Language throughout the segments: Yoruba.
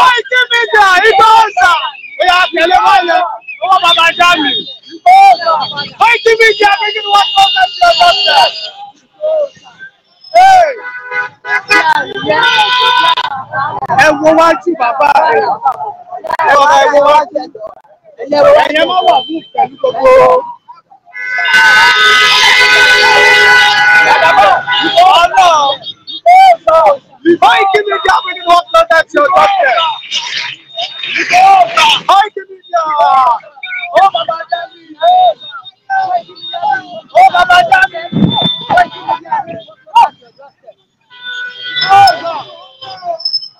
láìkí mi jà igbó ọ̀sà ìyá àtẹ̀lé wọlé owó bàbá já mi igbó ọ̀sà láìkí mi jà mi kí ni wọ́n tó fẹ́ fi ọjọ́ sẹ̀. ẹ wo wájú bàbá rẹ ẹ wọ ẹ wo wájú ẹyẹ má wà fún pẹ̀lú gbogbo. Bàbá bọ̀, ìfọwọ́ Hike Media winning hot lot action contest. Hike Media. Oh Baba Jami. Oh Baba Jami.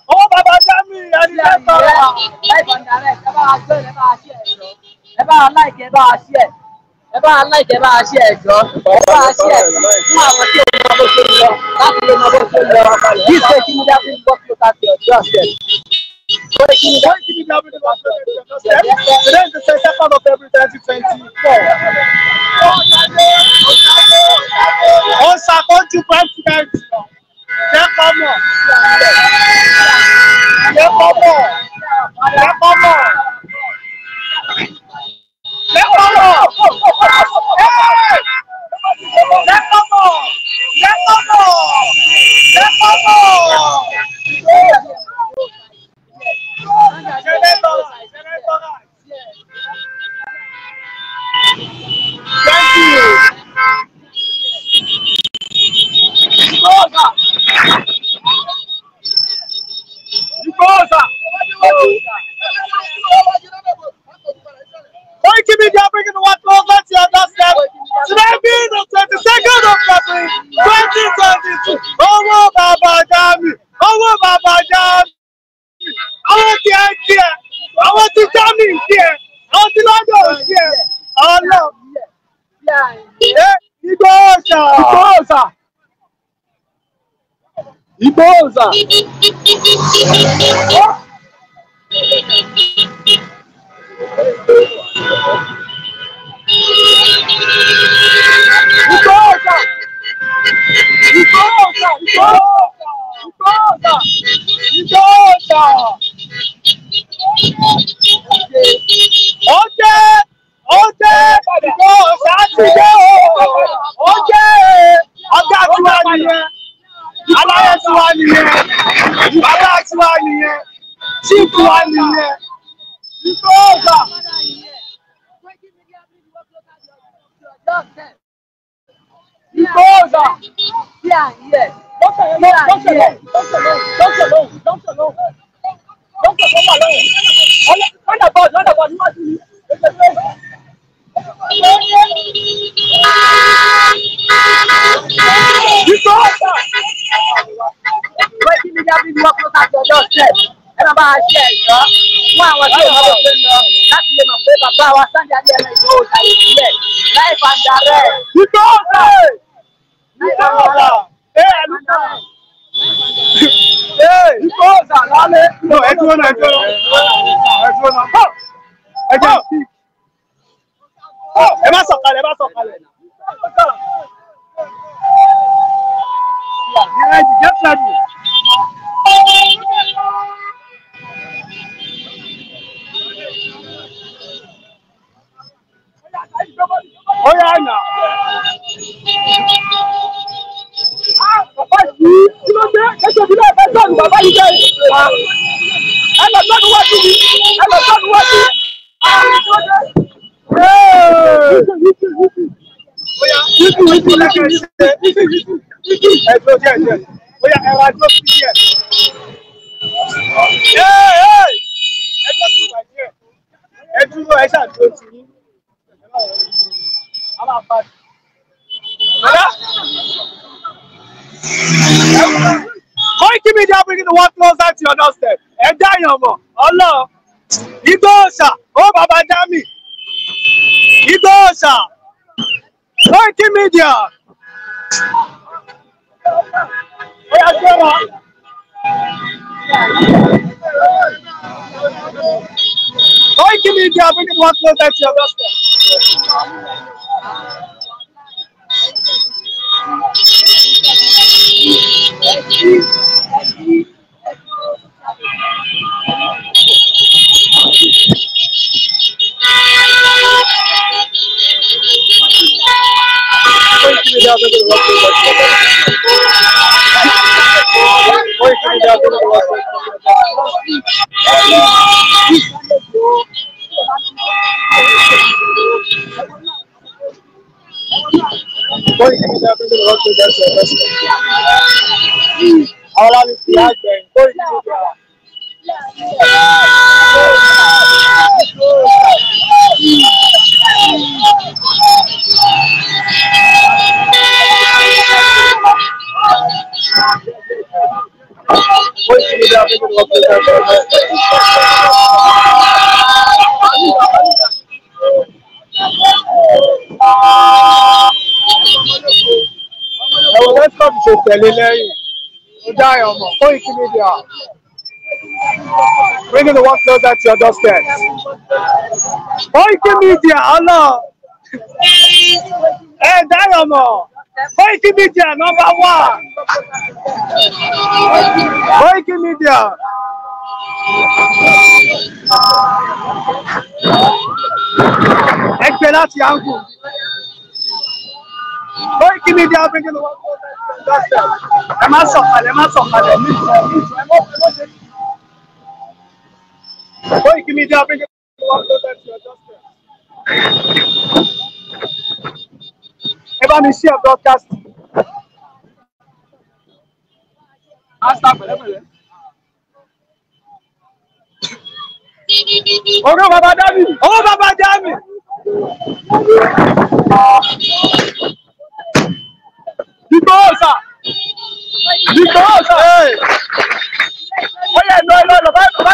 Oh Baba Jami. Ẹni lẹ́tọ̀ rẹ̀. Ẹ bá a gbé ẹ bá a ṣe ẹ̀jọ́. Ẹ bá a láìkẹ́ ẹ bá a ṣe ẹ̀. Ẹ bá a láìkẹ́ ẹ bá a ṣe ẹ̀jọ́. Ẹ bá a ṣe ẹ̀jọ́ fún àwọn tí Isso é que me dá muito boa é. Foi que me dá que me é. dá é muito o Souza. Ìgbóòdà. Bí à ń yẹ. Dọ́kítà yẹn lọ́wọ́. Dọ́kítà lọ́wọ́. Dọ́kítà lọ́wọ́. Dọ́kítà lọ́wọ́. Dọ́kítà lọ́wọ́ lọ́wọ́. Lọ́dà bọ́ọ̀dù lọ́dà bọ́ọ̀dù níwájú mi. Ìgbóòdà. Wẹ́ẹ́dì mi ní abíyí wọ́n kọ́ ká jọ lọ́sẹ̀ ẹ máa bá a ṣe ẹ̀yọ́ fún àwọn tí ìmọ̀ ló ń lọ láti lè mọ̀ pé bàbá wa Sunday Adéyẹmọ Ìgbòho dàrí Ìkọ́ọ̀sà lálẹ́. Ẹ dúró náà, ẹ dúró. bàbá yìí jẹ́ ìgbà ẹ lọ sọ́dún wájú mi ẹ lọ sọ́dún wájú. Ẹjọ́ díẹ̀ díẹ̀, bóyá ẹ̀rọ ajọ́ sí díẹ̀. Ẹjọ́ sí ìgbà díẹ̀, ẹ dúró ẹ ṣàdúró tì yín. A máa fa. Bọ́dá. Koiki Media bringing the world closer to your doorstep. Ẹ dá yàn mọ̀, ọlọ́ọ̀. Igbó òòṣà, ó bàbá dá Igbó òòṣà. Koiki Media. Ó Media bringing the world closer to your doorstep. Thank you. Pode me dar para o negócio da sua ao lado de Jair, dois mil reais. Hoje me dá a vida de uma É o lance do jeito ali, né? Jai Omo, Koiki Media. Bringing the world closer to your doorstep. Koiki Media, Allah. Hey, Diamo. Omo. Koiki Media, number one. Koiki Media. Ẹ gbé Koiki Media me the world to gospel. Ẹ má sọ̀kalẹ̀, ẹ má sọ̀kalẹ̀, mi ìtàn, mi ìtàn, ẹ mọ̀ ẹ mọ̀ ṣe. Koiki Media bringing the world to gospel. Ẹ bá mi ṣí ẹ̀ broadcast. Máṣá pẹ̀lẹ́pẹ̀lẹ́. Oye, no, no, no, va, va.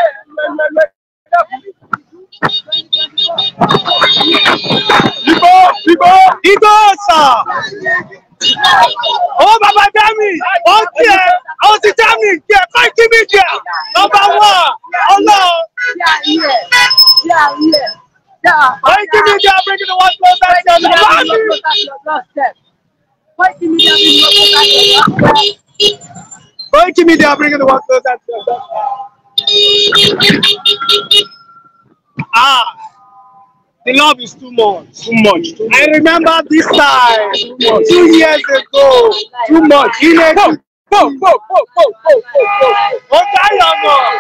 Igbo, Igbo, Igbo sà. Ó bàbá Dami, ó ti ẹ̀, ó ti Dami jẹ, fẹ́ kí mi jẹ, ọba wà, ọlọ́. Fẹ́ kí mi jẹ, bring the one closer to the Dami. Fẹ́ kí mi jẹ, bring the one closer to the Dami. Koichi Media bringing the world closer to Ah, the love is too much. Too much. Too much. I remember this time two years ago. Too much. In a go, go, go, go, go, go, go, go. What are you on?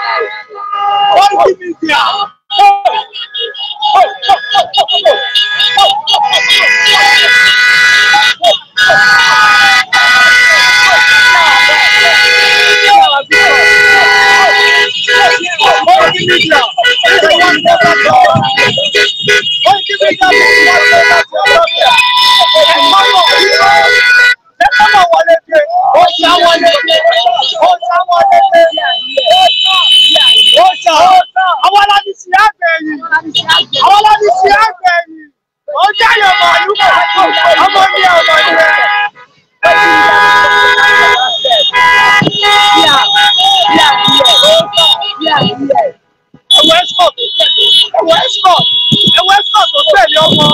Koichi Media. Oh, oh, oh, oh, oh, oh, oh, oh, oh, oh, oh, oh, oh, oh, oh, oh, oh, media. They want to never go. Why give me that media? They want to never go. They want to never go. They come on one day. Oh, yeah, one day. Oh, yeah, one day. Oh, yeah. Àwọn alábi sí àgbẹ̀yìn. Àwọn alábi sí àgbẹ̀yìn. Ó jẹ́ àyọ̀mọ̀ àlùkò. Ọmọ mi ọmọ rẹ̀. Yeah, yeah, yeah. yeah ẹwọ escort tó tẹ̀lé ọmọ